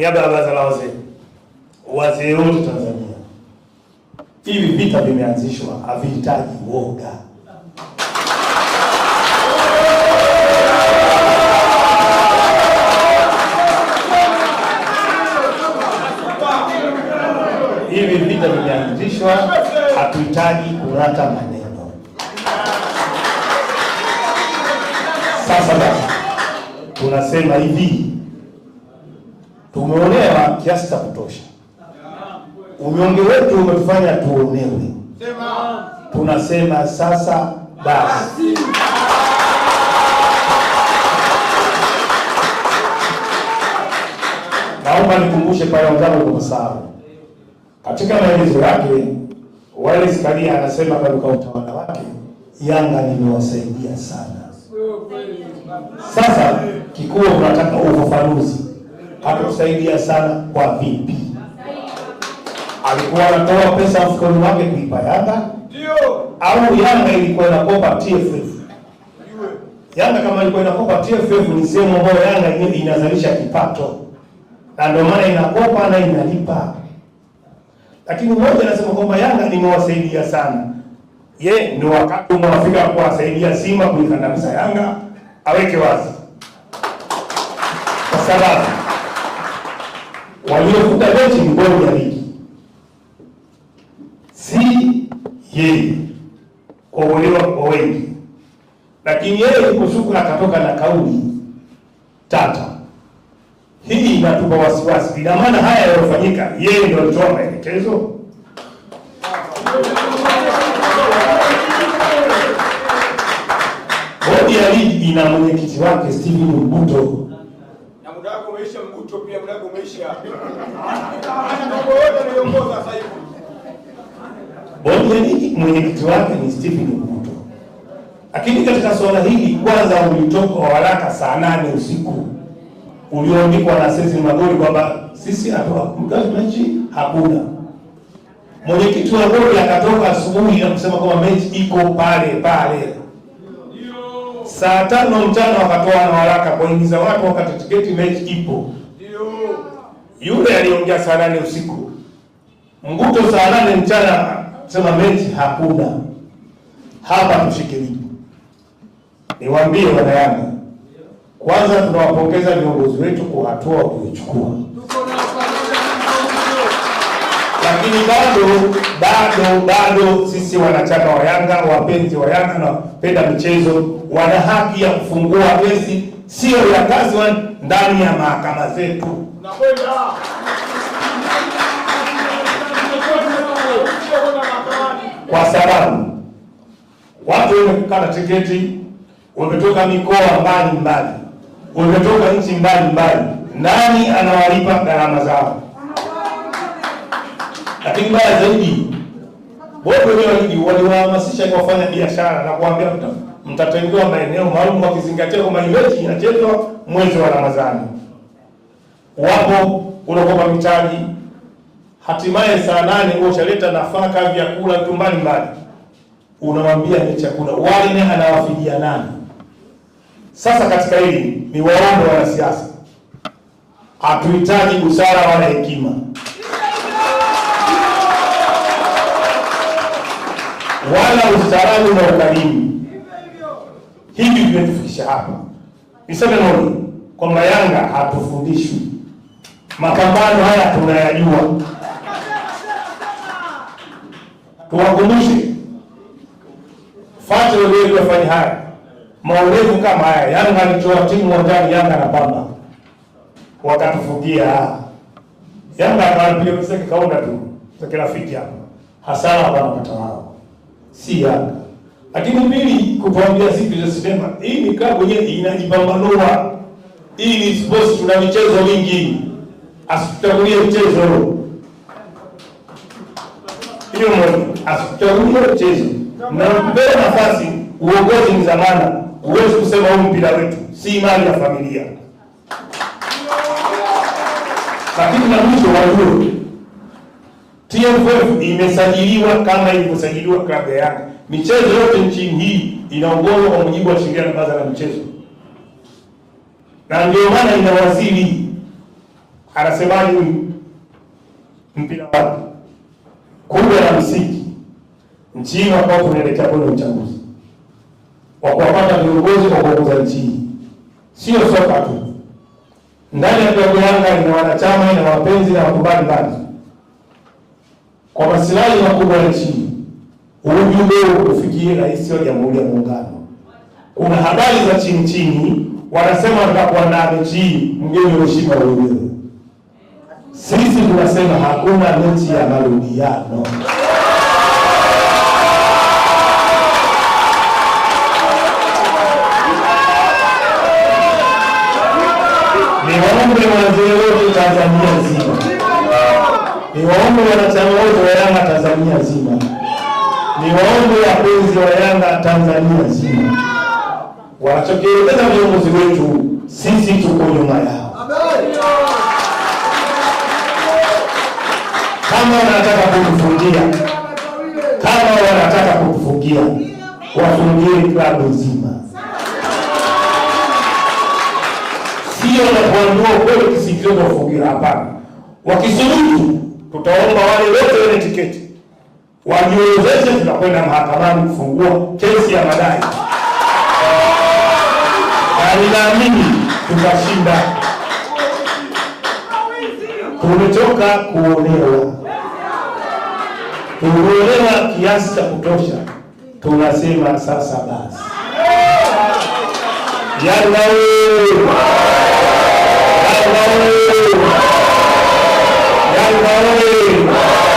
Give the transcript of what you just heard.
niaba ya baraza la wazee, wazee wote Tanzania, hivi vita vimeanzishwa, havihitaji woga. Hivi vita vimeanzishwa, hatuhitaji kurata maneno. Sasa basi tunasema hivi tumeonewa kiasi cha kutosha. Unyonge wetu umetufanya tuonewe, tunasema sasa basi. Naomba nikumbushe pale wenzangu kwa msahau, katika maelezo yake Wallace Karia anasema katika utawala wake Yanga nimewasaidia sana. Sasa kikuu tunataka ufafanuzi ametusaidia sana. Kwa vipi? Alikuwa anatoa pesa mfukoni wake kuipa Yanga au Yanga ilikuwa inakopa TFF? Yanga kama ilikuwa inakopa TFF, ni sehemu ambayo Yanga inazalisha kipato, na ndio maana inakopa na inalipa. Lakini mmoja anasema kwamba Yanga nimewasaidia sana. Ye, ni wakati umewafika kuwasaidia Simba kuikandamiza Yanga, aweke wazi kwa sababu waliofuta beti ni bodi ya ligi, si yeye, kwa uelewa kwa wengi. Lakini yeye aliposhuka akatoka na kauli tata, hii inatupa wasiwasi. Ina maana haya yaliyofanyika, yeye ndio alitoa maelekezo bodi ya ligi ina mwenyekiti wake Steven Mbuto umeisha Mguto, pia mlango umeisha. Mambo yote sasa hivi. Bonde ni mwenyekiti wake ni Stephen Mguto, lakini katika suala hili kwanza ulitoka waraka saa nane usiku ulioandikwa na sisi Magori kwamba sisi mechi hakuna mwenyekiti wa bodi akatoka asubuhi na kusema kwamba mechi iko pale pale saa tano mchana wakatoa na waraka kuingiza watu wakati tiketi mechi ipo. Yule aliongea saa nane usiku, Mguto saa nane mchana sema mechi hakuna hapa, tushikilii. Niwaambie wanayanga, kwanza tunawapongeza viongozi wetu kwa hatua waliochukua lakini bado bado bado sisi wanachama wa Yanga, wapenzi wa Yanga na wapenda michezo, wana haki ya kufungua kesi sio ya kazwa ndani ya mahakama zetu. Ah. Kwa sababu watu wamekukata tiketi, wametoka mikoa mbalimbali, wametoka nchi mbalimbali, nani anawalipa gharama zao? Lakini mbaya zaidi wao wenyewe waliwahamasisha ni biashara na kuambia mtatengewa maeneo maalum, wakizingatia kwamba iweji inachezwa mwezi wa Ramadhani. Wapo unakopa mitaji, hatimaye saa nane utaleta nafaka, vyakula, vitu mbalimbali, unamwambia ni chakula wale, anawafidia nani? Sasa katika hili ni waombe wanasiasa, hatuhitaji busara wala hekima wala ustaarabu na ukarimu. Hivi vimetufikisha hapa. Niseme nini? Kwamba Yanga hatufundishwi, mapambano haya tunayajua. Tuwakumbushe Fati Odievu haya maurevu kama haya. Yanga alitoa timu wanjani, Yanga na Pamba wakatufungia. Yanga akawapiga kiseke kaunda tu kirafiki hapa, hasara kwa mtawao si Yanga. Lakini pili, kutuambia siku zilizosema hii ni klabu yenyewe inajipambanua. Hii ni sports, tuna michezo mingi, asitakulie mchezo hiyo mwani, asitakulie mchezo na mbele nafasi. Uongozi ni zamana, huwezi kusema huu mpira wetu si mali ya familia, lakini na mwisho wajue TFF imesajiliwa kama ilivyosajiliwa klabu ya Yanga. Michezo yote nchini hii inaongozwa kwa mujibu wa sheria na baraza la michezo, na ndio maana ina waziri anasemaje, mpira wapi kubwa la msingi nchini ambao tunaelekea kwenye uchaguzi wa kuwapata viongozi kwa kuongoza nchini, sio soka tu. Ndani ya klabu Yanga ina wanachama, ina wapenzi na watu mbalimbali kwa maslahi makubwa ya nchi. Ujumbe ufikie Rais wa Jamhuri ya Muungano. Kuna habari za chini chini wanasema tutakuandaa mechi hii, mgeni heshima wenyewe. Sisi tunasema hakuna mechi ya marudiano. Niwaombe wazee wote Tanzania nzima Niwaombe wanachama wote wa Yanga Tanzania nzima, niwaombe wapenzi wa Yanga Tanzania nzima, wanachokielekeza viongozi wetu, sisi tuko nyuma yao. Kama wanataka kutufungia, kama wanataka kutufungia, wafungie klabu nzima, sio na kweli kisikilizo, wafungie. Hapana, wakisurutu tutaomba wale wote wenye tiketi wajiozeshe, tutakwenda mahakamani kufungua kesi ya madai na ninaamini tutashinda. Tumetoka kuonewa, tumeonewa kiasi cha kutosha, tunasema sasa basi. Amém.